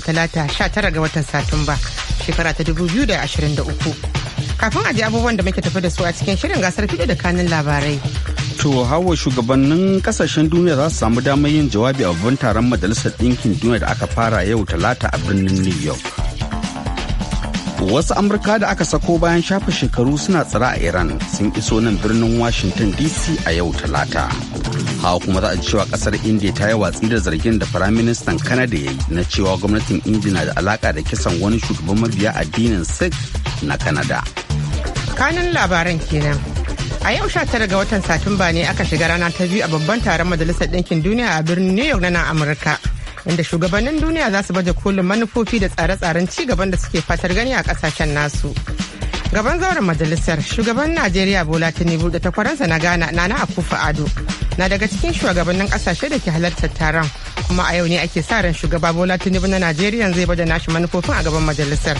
talata 19 ga watan satumba shekara ta 2023 kafin aji abubuwan da muke tafi da su a cikin shirin gasar fito da kanin labarai to hawa shugabannin kasashen duniya za su samu damar yin jawabi a babban taron majalisar ɗinkin duniya da aka fara yau talata a birnin new york wasu amurka da aka sako bayan shafa shekaru suna tsira a iran sun iso nan birnin washington dc a yau talata hawa kuma za a ji cewa kasar india ta yi watsi da zargin da firaministan kanada ya yi na cewa gwamnatin india na da alaka da kisan wani shugaban mabiya addinin sikh na kanada kanun labaran kenan a yau 19 ga watan satumba ne aka shiga rana ta biyu a babban taron majalisar ɗinkin duniya a birnin new york na nan amurka inda shugabannin duniya za su baje kolin manufofi da tsare-tsaren ci gaban da suke fatar gani a kasashen nasu gaban zauren majalisar shugaban najeriya bola tinubu da takwaransa na ghana nana akufa ado na daga cikin shugabannin kasashe da ke halartar taron kuma a yau ne ake sa ran shugaba bola tinubu na najeriya zai bada nashi manufofin a gaban majalisar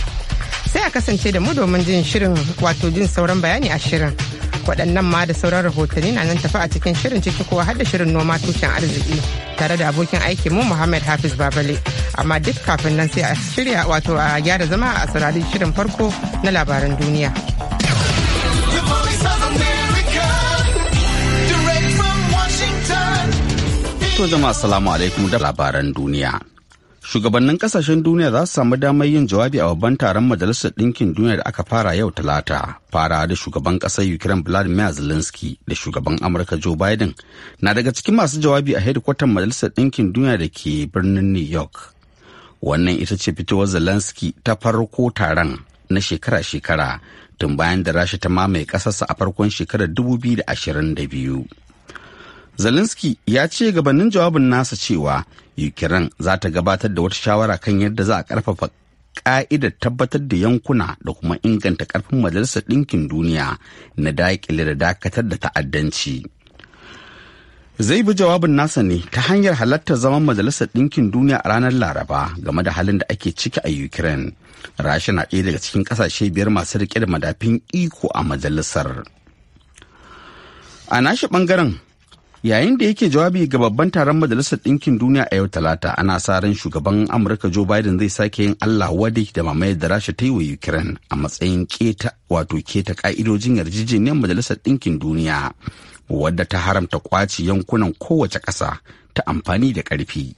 sai a kasance da mu domin jin shirin wato jin sauran bayani a shirin waɗannan ma da sauran rahotanni na nan tafi a cikin shirin ciki kowa har da shirin noma tushen arziki tare da abokin aiki mu Muhammad Hafiz Babale. Amma duk kafin nan sai a shirya wato a gyara zama a saurari shirin farko na labaran duniya. To jama'a salamu alaikum da labaran duniya. shugabannin kasashen duniya za su samu damar yin jawabi a babban taron majalisar ɗinkin duniya da aka fara yau talata fara da shugaban ƙasar ukraine vladimir zelensky da shugaban amurka joe biden na daga cikin masu jawabi a hedikwatar majalisar ɗinkin duniya da ke birnin new york wannan ita ce fitowar zelensky ta farko taron na shekara-shekara tun bayan da rasha ta mamaye ƙasarsa a farkon shekarar 2022 zelensky ya ce gabanin jawabin nasa cewa ukraine za ta gabatar da wata shawara kan yadda za a karfafa ka'idar tabbatar da yankuna da kuma inganta karfin majalisar ɗinkin duniya na daƙile da dakatar da ta'addanci zai bi jawabin nasa ne ta hanyar halartar zaman majalisar ɗinkin duniya a ranar laraba game da halin da ake ciki a ukraine rasha na ɗaya daga cikin ƙasashe biyar masu riƙe da madafin iko a majalisar a nashi ɓangaren yayin da yake jawabi ga babban taron majalisar ɗinkin duniya a yau talata ana sa ran shugaban amurka joe biden zai sake yin allah wadi da mamayar da rasha ta yi wa ukraine a matsayin keta wato keta ka'idojin yarjejeniyar majalisar ɗinkin duniya wadda ta haramta kwaci yankunan kowace ƙasa ta amfani da ƙarfi.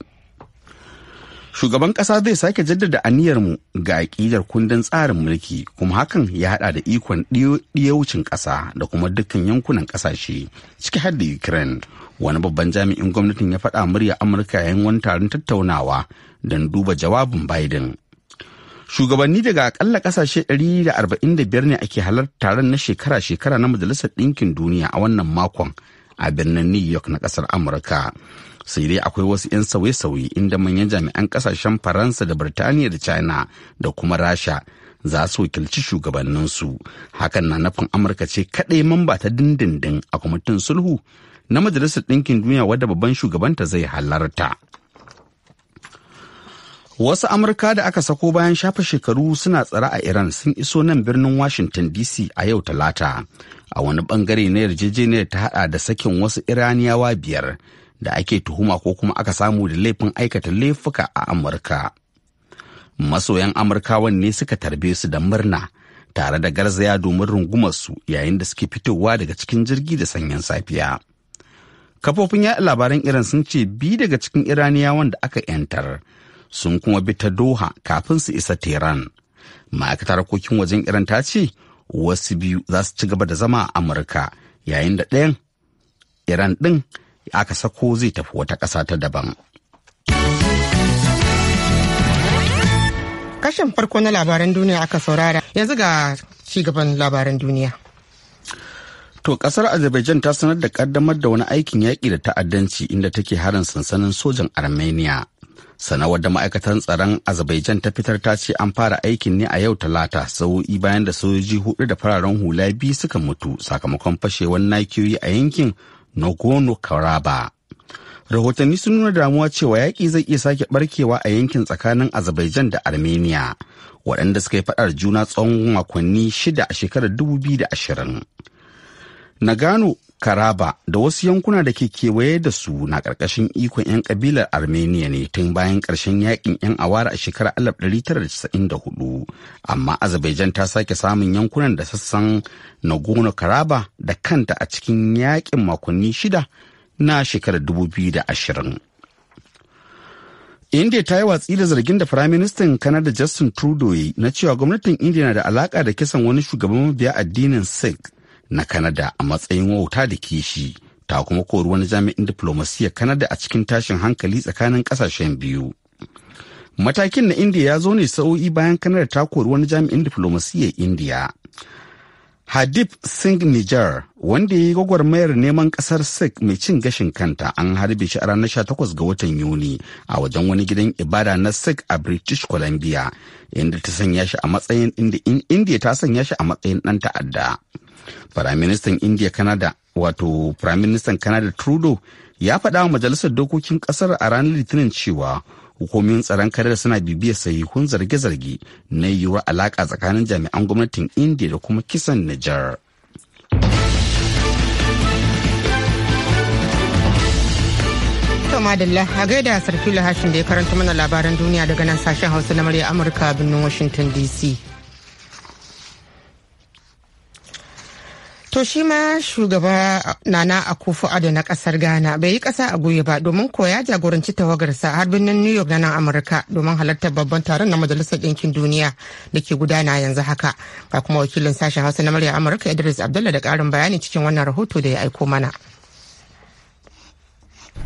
shugaban ƙasa zai sake jaddada mu ga aƙidar kundin tsarin mulki kuma hakan ya hada da ikon ɗiyaucin ƙasa da kuma dukkan yankunan ƙasashe ciki har da ukraine wani babban jami'in gwamnatin ya faɗa murya amurka yayin wani taron tattaunawa don duba jawabin biden shugabanni daga akalla kasashe 145 ne ake halar taron na shekara-shekara na majalisar ɗinkin duniya a wannan makon a birnin new york na ƙasar amurka sai dai akwai wasu 'yan sauye-sauye inda manyan jami'an kasashen faransa da birtaniya da china da kuma rasha za su wakilci shugabanninsu hakan na nufin amurka ce kaɗai mamba ta dindindin a kwamitin sulhu na majalisar ɗinkin duniya wadda babban shugabanta zai halarta wasu amurka da aka sako bayan shafa shekaru suna tsara a iran sun iso nan birnin washington dc a yau talata a wani bangare na yarjejeniyar ta hada da sakin wasu iraniyawa biyar da ake tuhuma ko kuma aka samu da laifin aikata laifuka a amurka masoyan amurkawan ne suka tarbe su da murna tare da garzaya domin su yayin da suke fitowa daga cikin jirgi da sanyin safiya kafofin yaɗa labaran iran sun ce bi daga cikin iraniyawan da aka 'yantar sun kuma bi ta doha kafin su isa tehran ma'aikatar harkokin wajen iran ta ce wasu biyu za su ci gaba da zama a amurka yayin da ɗayan iran ɗin aka sako zai tafi wata ƙasa ta daban. Kashin farko na labaran duniya aka saurara yanzu ga cigaban labaran duniya. To ƙasar Azerbaijan ta sanar da kaddamar da wani aikin yaƙi da ta'addanci inda take harin sansanin sojan Armenia. Sanawar da ma'aikatan tsaron Azerbaijan ta fitar ta ce an fara aikin ne a yau talata sau'i bayan da sojoji hudu da fararen hula biyu suka mutu sakamakon fashewar nakiyoyi a yankin Nagorno-Karabakh. Rahotanni sun nuna damuwa cewa yaƙi zai iya sake barkewa a yankin tsakanin Azerbaijan da Armenia, waɗanda suka yi faɗar juna tsawon makonni shida a shekarar 2020. Nagano Karaba da wasu yankuna da ke kewaye da su na ƙarƙashin ikon 'yan ƙabilar Armenia ne tun bayan ƙarshen yakin 'yan awara a shekarar 1994, amma Azerbaijan ta sake samun yankunan da sassan Nagorno-Karaba da kanta a cikin yakin makonni shida na shekarar 2020. india ta yi watsi da zargin da firaministan kanada justin trudeau na cewa gwamnatin india na da alaka da kisan wani shugaban mabiya addinin sikh na Kanada a matsayin wauta da kishi ta kuma kori wani jami'in diplomasiyyar Kanada a cikin tashin hankali tsakanin kasashen biyu. Matakin na india ya zo ne sa'o'i bayan Kanada ta kori wani jami'in diflomasiyyar india. Hadib Singh Nijar wanda ya yi gwagwarmayar neman kasar Sikh mai cin gashin kanta an harbe shi a ranar 18 ga watan Yuni a wajen wani gidan ibada na Sikh a British Columbia inda ta sanya shi a matsayin inda India ta sanya shi a matsayin dan ta'adda. Firaministan India Canada wato Minister Canada Trudeau ya faɗa wa majalisar dokokin ƙasar a ranar Litinin cewa hukumomin tsaron karar suna bibiyar sahihun zarge-zarge na yiwuwar alaka tsakanin jami'an gwamnatin indiya da kuma kisan nijar madalla a gaida sarfila hashin da ya karanta mana labaran duniya daga nan sashen hausa na murya amurka birnin washington dc To shi ma shugaba Nana Akufo Ado na kasar Ghana bai yi kasa a goyi ba domin koya jagoranci tawagarsa har birnin New York na nan Amurka domin halartar babban taron na Majalisar Ɗinkin Duniya da ke gudana yanzu haka. Ga kuma wakilin sashen Hausa na murya Amurka Idris Abdullah da ƙarin bayani cikin wannan rahoto da ya aiko mana.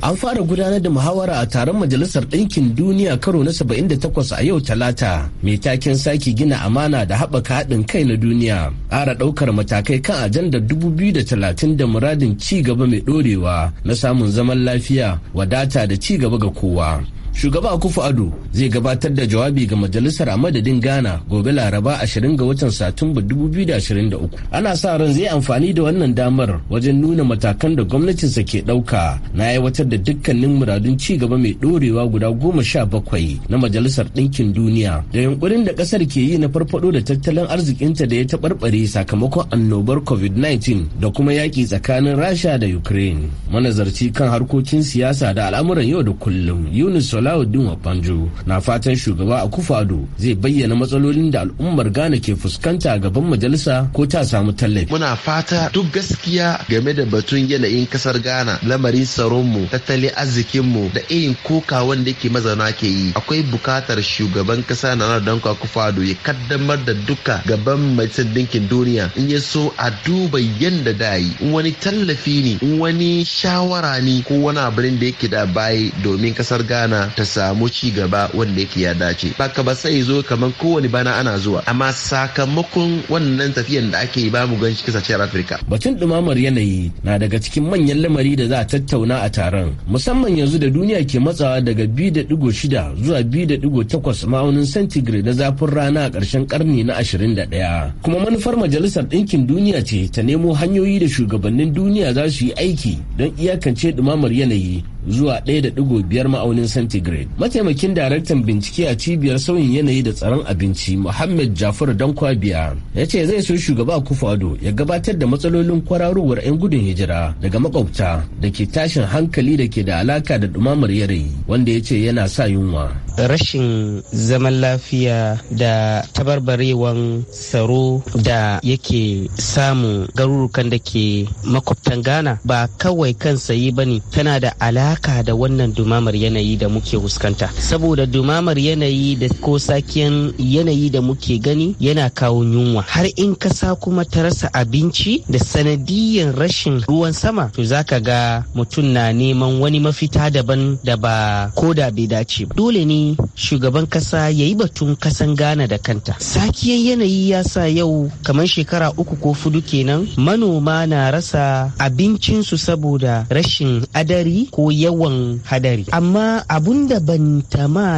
an fara gudanar da muhawara a taron majalisar ɗinkin duniya karo na 78 a yau talata mai taken sake gina amana da haɓaka haɗin kai na duniya ƙara ɗaukar matakai kan ajandar 2030 da muradin ci gaba mai ɗorewa na samun zaman lafiya wadata da ci gaba ga kowa shugaba akufu ado zai gabatar da jawabi ga majalisar a madadin ghana gobe laraba 20 ga watan satumba 2023 ana sa ran zai amfani da wannan damar wajen nuna matakan da gwamnatinsa ke ɗauka na aiwatar da dukkanin muradun ci gaba mai ɗorewa guda goma sha bakwai na majalisar ɗinkin duniya da yunkurin da ƙasar ke yi na farfaɗo da tattalin arzikinta da ya taɓarɓare sakamakon annobar covid-19 da kuma yaƙi tsakanin rasha da ukraine manazarci kan harkokin siyasa da al'amuran yau da kullum yunus Salahuddin Wabanjo na fatan shugaba a addo zai bayyana matsalolin da al'ummar Ghana ke fuskanta gaban majalisa ko ta samu tallafi. Muna fata duk gaskiya game da batun yanayin kasar Ghana, lamarin tsaronmu, tattalin arzikinmu da irin koka wanda ke mazauna ke yi. Akwai bukatar shugaban kasa na don Akufo-Addo ya kaddamar da duka gaban majalisar dinkin duniya in ya so a duba yanda da yi wani tallafi ne in wani shawara ne ko wani abin da yake da bayi domin kasar Ghana ta samu ci gaba wanda yake ya dace ka ba sai zo kamar kowane bana ana zuwa amma sakamakon wannan tafiyan da ake yi babu gan shi kasa Afirka batun dumamar yanayi na daga cikin manyan lamari da za a tattauna a taron musamman yanzu da duniya ke matsawa daga bi 2.6 zuwa 2.8 ma'aunin centigrade na zafin rana a karshen karni na da 21 kuma manufar majalisar ɗinkin duniya ce ta nemo hanyoyi da shugabannin duniya za su yi aiki don iyakance dumamar yanayi zuwa 1.5 ma'aunin centigrade. Mataimakin daraktan bincike a cibiyar sauyin yanayi da tsaron abinci Muhammad Jafaru Dankwabiya ya ce zai so shugaba Kufado ya gabatar da matsalolin kwararowar 'yan gudun hijira daga makwabta da ke tashin hankali da ke da alaka da dumamar yanayi wanda ya ce yana sa yunwa. rashin zaman lafiya da tabarbarewan tsaro da yake samun garurukan da ke makwabtan ghana ba kawai kan sayi ba ne tana da alaka da wannan dumamar yanayi da muke huskanta saboda dumamar yanayi da ko sakiyan yanayi da muke gani yana kawo yunwa har in kasa kuma ta rasa abinci da sanadiyan rashin ruwan sama to zaka ga mutum na neman wani mafita daban da ba ko da bai dace ba dole ne shugaban kasa ya yi batun kasan Ghana da kanta. Sakiyan yanayi ya sa yau kamar shekara uku ko fudu kenan manoma na rasa abincinsu saboda rashin adari ko yawan hadari. Amma abun da ban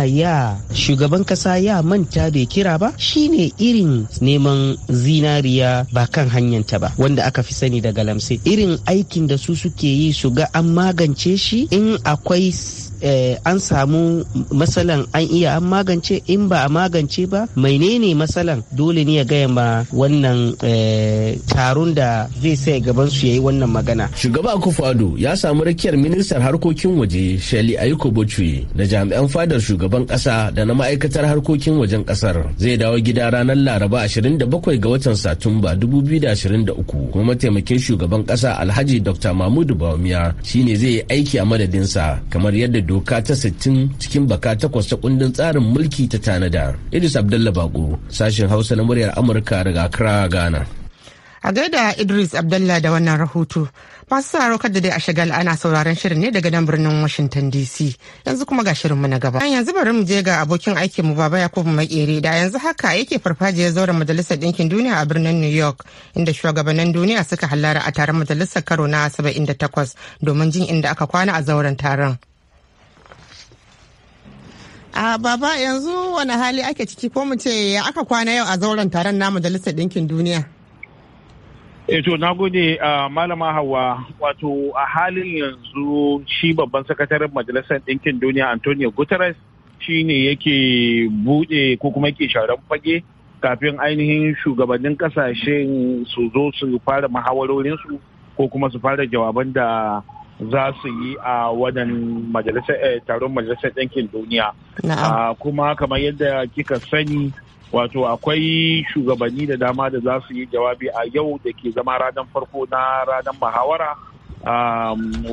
ya shugaban kasa ya manta bai kira ba shine irin neman zinariya ba kan hanyanta ba wanda aka fi sani daga galamse. Irin aikin da su suke yi su ga an magance shi in akwai Eh, an samu matsalan an iya an magance in ba a magance ba menene matsalan dole ne ya gaya ma wannan eh, taron da zai sai gaban su ya yi wannan magana shugaba kufado ya samu rakiyar ministan harkokin waje shali aiko bocci da jami'an fadar shugaban kasa da na ma'aikatar harkokin wajen kasar zai dawo gida ranar laraba 27 ga watan satumba 2023 kuma mataimakin shugaban kasa alhaji dr mahmudu bawumia shine zai yi aiki a madadinsa kamar yadda doka ta 60 cikin baka takwas ta kundin tsarin mulki ta tanada. Idris Abdullah Bako, sashen Hausa na muryar Amurka daga Accra, Ghana. A gaida Idris Abdullah da wannan rahoto. Masu sauraro kadda dai a shagal ana sauraron shirin ne daga nan birnin Washington DC. Yanzu kuma ga shirinmu na gaba. yanzu bari mu je ga abokin aikin mu Baba yakub Makere da yanzu haka yake farfajiyar zauren Majalisar ɗinkin Duniya a birnin New York inda shugabannin duniya suka hallara a taron majalisar karo na 78 domin jin inda aka kwana a zauren taron. A baba yanzu wani hali ake ciki ko mu ce aka kwana yau a zauren taron na majalisar ɗinkin duniya? E na gode malama Hauwa wato a halin yanzu shi babban sakataren majalisar ɗinkin duniya Antonio Guterres shi ne yake buɗe ko kuma yake sharan fage kafin ainihin shugabannin kasashen su zo su fara muhawarorinsu ko kuma su fara jawaban da za su yi a wajen eh, taron majalisar ɗinkin duniya ah, kuma kamar yadda kika sani wato akwai shugabanni da dama da za su yi jawabi a yau da ke zama ranar farko na ranar muhawara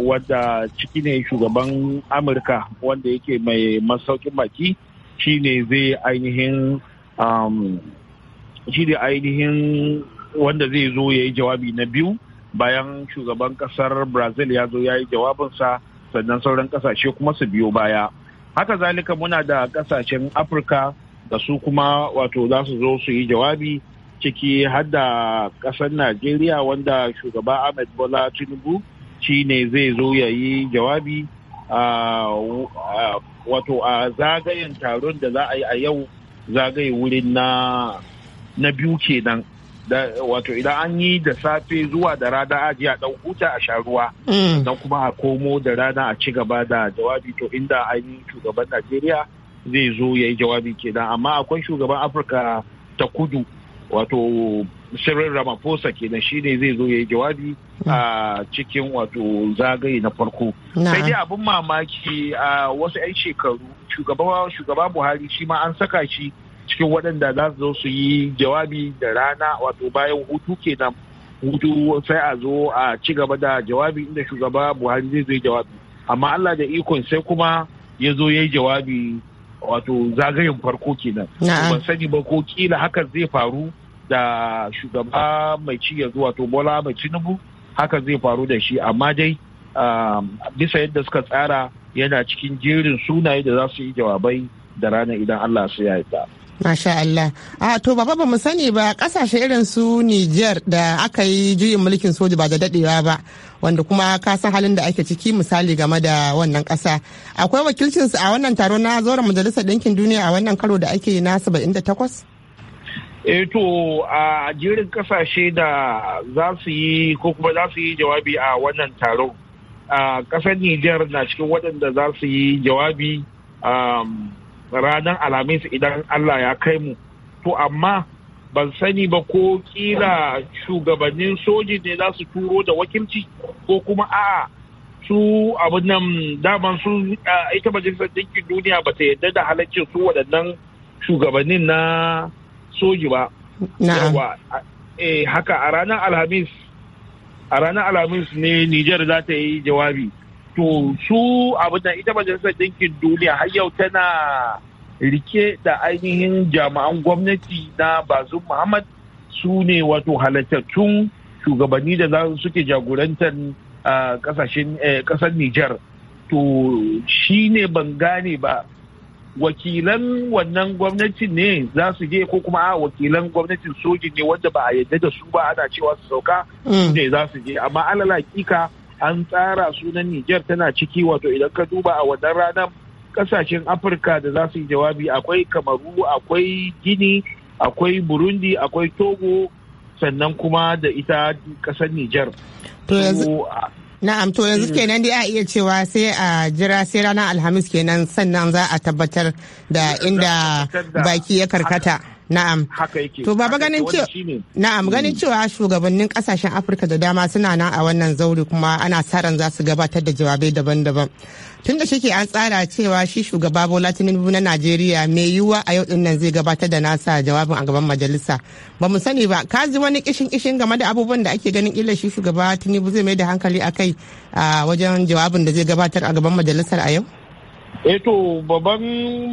wadda ciki ne shugaban amurka wanda yake mai masaukin baki shine zai ainihin shi ainihin wanda zai zo ya yi jawabi na biyu bayan shugaban kasar brazil ya zo ya yi jawabinsa sannan sauran kasashe kuma su biyo baya haka zalika muna da kasashen afirka da su kuma wato za su zo su yi jawabi ciki har da kasar najeriya wanda shugaba ahmed bola tinubu shi ne zai zo ya yi jawabi wato a zagayen taron da za a yi a yau zagaye wurin na biyu kenan wato idan an yi da safe zuwa da rana aji a dan huta a sha ruwa mm. Dan kuma a komo da rana a ci gaba da jawabi to inda yi shugaban najeriya zai zo ya yi jawabi kenan amma akwai shugaban afirka ta kudu wato Cyril Ramaphosa kenan ne zai zo ya yi jawabi mm. a cikin wato zagaye na farko. Sai dai abin mamaki a wasu 'yan shekaru shugaba Buhari shi ma an saka shi cikin waɗanda za su zo su yi jawabi da rana wato bayan hutu kenan hutu sai a zo a ci gaba da jawabi inda shugaba buhari zai zo jawabi amma allah da ikon sai kuma ya zo ya yi jawabi wato zagayen farko kenan ban sani ba ko kila hakan zai faru da shugaba mai ci yanzu wato bola mai tinubu hakan zai faru da shi amma dai um, bisa yadda suka tsara yana cikin jerin sunaye da za su yi jawabai da rana idan allah su ya yarda Masha Allah. A to baba ba mu sani ba kasashe irin su Niger da aka yi juyin mulkin soja ba da dadewa ba wanda kuma ka san halin da ake ciki misali game da wannan kasa. Akwai wakilcin su a wannan taro na zauren majalisar Dinkin duniya a wannan karo da ake na 78? Eh to a jerin kasashe da za su yi ko kuma za su yi jawabi a wannan taro. A kasar Niger na cikin waɗanda za su yi jawabi. Um, ranar alhamis idan allah ya kai mu to amma ban sani ba ko kila shugabannin soji ne za su turo da wakilci ko kuma a'a su abin nan daman su ita majalisar dinkin duniya ba ta yarda da halaccin su waɗannan shugabannin na soji ba. eh haka a ranar Alhamis, a ranar Alhamis ne Nijar za ta yi jawabi. wato su abin da ita majalisar ɗinkin duniya har yau tana rike da ainihin jami'an gwamnati na bazum muhammad su ne wato halittattun shugabanni da za suke jagorantar kasashen kasar eh, Nijar. To shi ne ban gane ba wakilan wannan gwamnatin ne za su je ko kuma a wakilan gwamnatin sojin ne wanda ba a yadda da su ba ana cewa su sauka mm. ne za su je amma alal hakika an tsara sunan Nijar tana ciki wato idan ka duba a wannan ranar kasashen Afirka da za su yi jawabi akwai Kamaru, akwai Gini, akwai Burundi, akwai Togo sannan kuma da ita kasar Nijar. Na'am to yanzu mm. kenan dai a iya cewa sai a jira sai ranar Alhamis kenan sannan za a tabbatar da inda baki ya karkata. Na'am. Haka yake. To baba ganin cewa na'am hmm. ganin cewa shugabannin kasashen Afirka da dama suna nan a wannan zauri kuma ana sa ran za su gabatar da jawabai daban-daban. Tun da shike an tsara cewa shi shugaba Bola Tinubu na Najeriya mai yiwuwa a yau din nan zai gabatar da nasa jawabin a gaban majalisa. Ba mu sani ba ka ji wani kishin kishin game da abubuwan da ake ganin illa shi shugaba Tinubu zai mai da hankali akai a wajen jawabin da zai gabatar a gaban majalisar a yau. Eto eh babban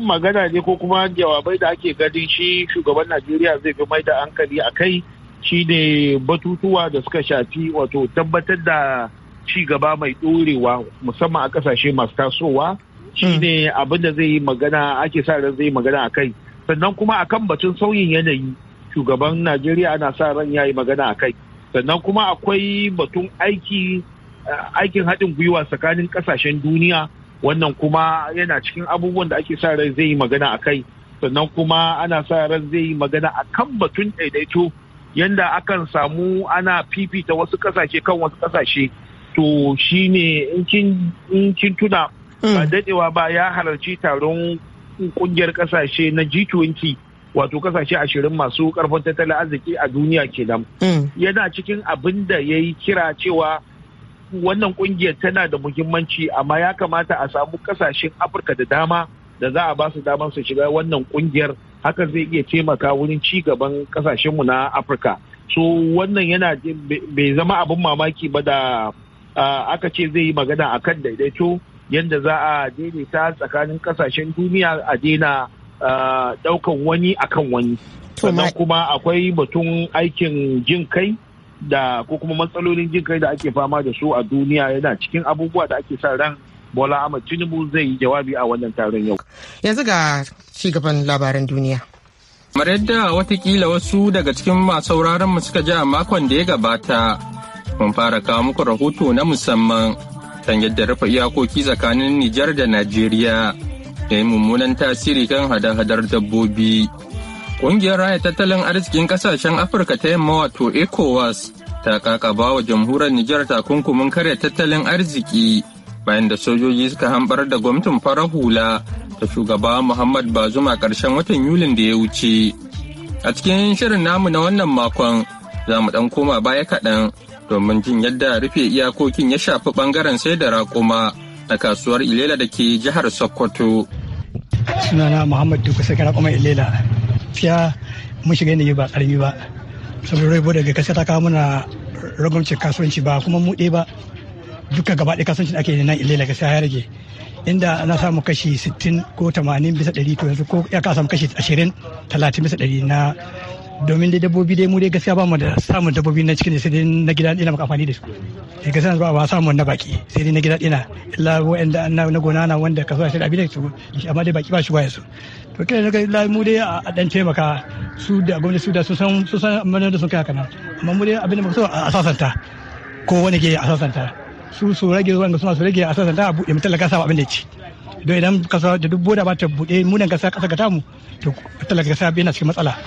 magana ne ko kuma jawabai da ake ganin shi shugaban najeriya zai fi mai da hankali a kai shine batutuwa da suka shafi wato tabbatar da ci gaba mai ɗorewa musamman a ƙasashe masu tasowa hmm. shine abin da zai yi magana ake sa ran zai yi magana a kai sannan kuma akan batun sauyin yanayi shugaban najeriya ana sa ran ya yi magana a kai sannan kuma akwai batun aiki eh, aikin haɗin gwiwa tsakanin ƙasashen duniya wannan kuma yana cikin abubuwan da ake sa ran zai yi magana a kai sannan kuma ana sa ran zai yi magana a kan batun daidaito Yadda akan samu ana fifita wasu kasashe kan wasu kasashe to shi ne in kin tuna ba mm. dadewa ba ya halarci taron kungiyar kasashe na G20 wato kasashe ashirin masu karfin tattalin arziki a duniya kenan mm. yana cikin abin da ya yi kira cewa wannan kungiyar tana da muhimmanci amma ya kamata a samu kasashen afirka da dama da za a ba su damar su shiga wannan kungiyar Haka zai iya taimaka wurin ci gaban kasashenmu na afirka so wannan yana bai zama abin mamaki ba da aka ce zai yi magana a kan daidaito yadda za a daidaita tsakanin kasashen duniya a daina daukan wani akan wani sannan kuma akwai batun aikin jin kai da ko kuma matsalolin jin kai da ake fama da su a duniya yana cikin abubuwa da ake sa ran Bola Ahmed Tinubu zai yi jawabi a wannan taron yau. Yanzu ga cigaban labaran duniya. Kamar yadda watakila wasu daga cikin masu sauraron mu suka ji a makon da ya gabata, mun fara kawo muku rahoto na musamman kan yadda rufe iyakoki tsakanin Nijar da Najeriya da yi mummunan tasiri kan hada-hadar dabbobi Ƙungiyar raya tattalin arzikin ƙasashen Afirka ta yamma wato ECOWAS ta kakaba wa jamhuriyar Nijar takunkumin karya tattalin arziki bayan da sojoji suka hambar da gwamnatin farar hula ta shugaba Muhammad Bazuma ƙarshen watan Yulin da ya wuce. A cikin shirin namu na wannan makon za mu ɗan koma baya kaɗan domin jin yadda rufe iyakokin ya shafi ɓangaren sai da raƙuma na kasuwar Ilela da ke jihar Sokoto. Sunana Muhammad Dukusa Karakuma Ilela. gaskiya mun shiga yanayi ba karami ba saboda rai daga gaskiya ta kawo mana ragwamcin kasuwanci ba kuma mu ba duka gaba ɗaya kasuwanci ake yi nan ilela gaskiya ya rage inda na samu kashi 60 ko 80 bisa 100 to yanzu ko ya ka samu kashi 20 30 bisa 100 na domin da dabbobi dai mu dai gaskiya ba mu da samun dabbobi na cikin sai dai na gida ina maka amfani da su sai gaskiya ba ba samu na baki sai dai na gida ina illa wanda an na gona na wanda ka kasuwa sai da abin da su amma dai baki ba shi baya su to kai daga illa mu dai a dan taimaka su da gwamnati su da su san su san amma da sun kai haka amma mu dai abin da muka so a sasanta ko wani ke a sasanta su su rage zuwa ga suna su rage a sasanta a buɗe mutalaka sa abin da ya ci don idan kasa da duk boda ba ta buɗe munan kasa kasa ga tamu to talaka kasa yana cikin matsala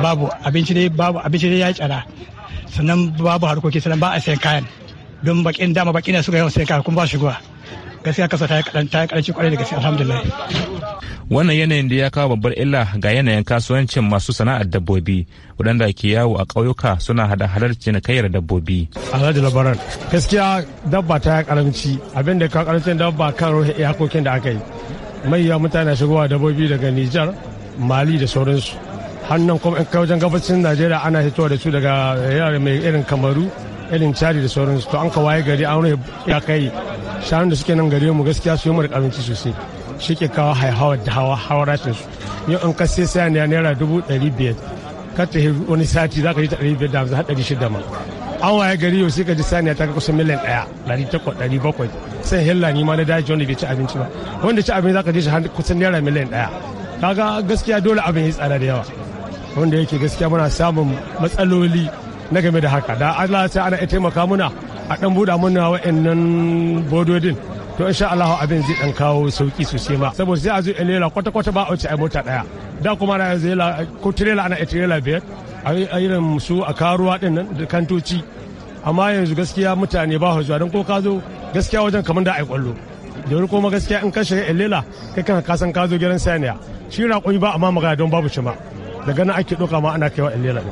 babu abinci dai babu abinci dai ya tsara sannan babu harkoki sannan ba a sayan kayan don bakin dama bakin da suka yawan sayan kayan kuma ba gwa gaskiya kasa ta yi karanci kwarai da gaskiya alhamdulillah wannan yanayin da ya kawo babbar illa ga yanayin kasuwancin masu sana'ar dabbobi waɗanda ke yawo a ƙauyuka suna hada halar cinikayyar dabbobi. Alhaji labaran gaskiya dabba ta ya karanci abin da ka karancin dabba kan rufe iyakokin da aka yi maiya mutane shigowa dabbobi daga Nijar Mali da sauransu hannun kuma in kai wajen gabacin Najeriya ana hitowa da su daga yare mai irin Kamaru irin cari da sauransu to an ka waye gari an rufe iyakai shanun da suke nan gare mu gaskiya su yi mu da karanci sosai. shi ke kawo haihawar da hawa hawa rashin su yau in ka sai saniya naira dubu ɗari biyar ka ta wani sati za ka ji ta ɗari biyar da hamsin har ɗari shida ma an waye gari yau sai ka ji saniya ta kusa miliyan ɗaya ɗari takwas ɗari bakwai sai hilla ni ma na daji wanda bai ci abinci ba wanda ci abinci za ka ji shi kusan naira miliyan ɗaya kaga gaskiya dole abin ya tsada da yawa wanda yake gaskiya muna samun matsaloli na game da haka da Allah sai ana taimaka muna a dan buɗa muna wa'annan bododin to insha Allah abin zai dan kawo sauki sosai ma saboda sai a zo lela kwata kwata ba a wuce ai mota daya da kuma na yanzu ko tirela ana tirela biyar a irin su a karuwa din nan da kantoci amma yanzu gaskiya mutane ba zuwa dan ko ka zo gaskiya wajen kamar da ai kwallo da kuma gaskiya in ka shiga elela kai kan ka san ka zo gidan saniya shi raƙumi ba amma magana don babu shi ma daga nan ake ɗauka ma ana kaiwa elela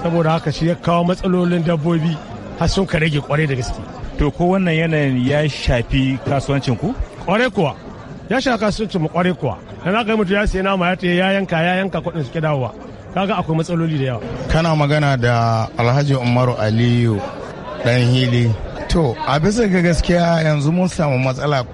saboda haka shi ya kawo matsalolin dabbobi har sun ka rage kwarai da gaske to ko wannan yanayin ya shafi kasuwancin ku kware kuwa ya shafi kasuwancin mu kwarai kuwa dan haka mutu ya sayi nama ya ta ya yanka ya yanka kuɗin suke dawowa kaga akwai matsaloli da yawa kana magana da Alhaji Umaru Aliyu dan hili to a bisa ga gaskiya yanzu mun samu matsala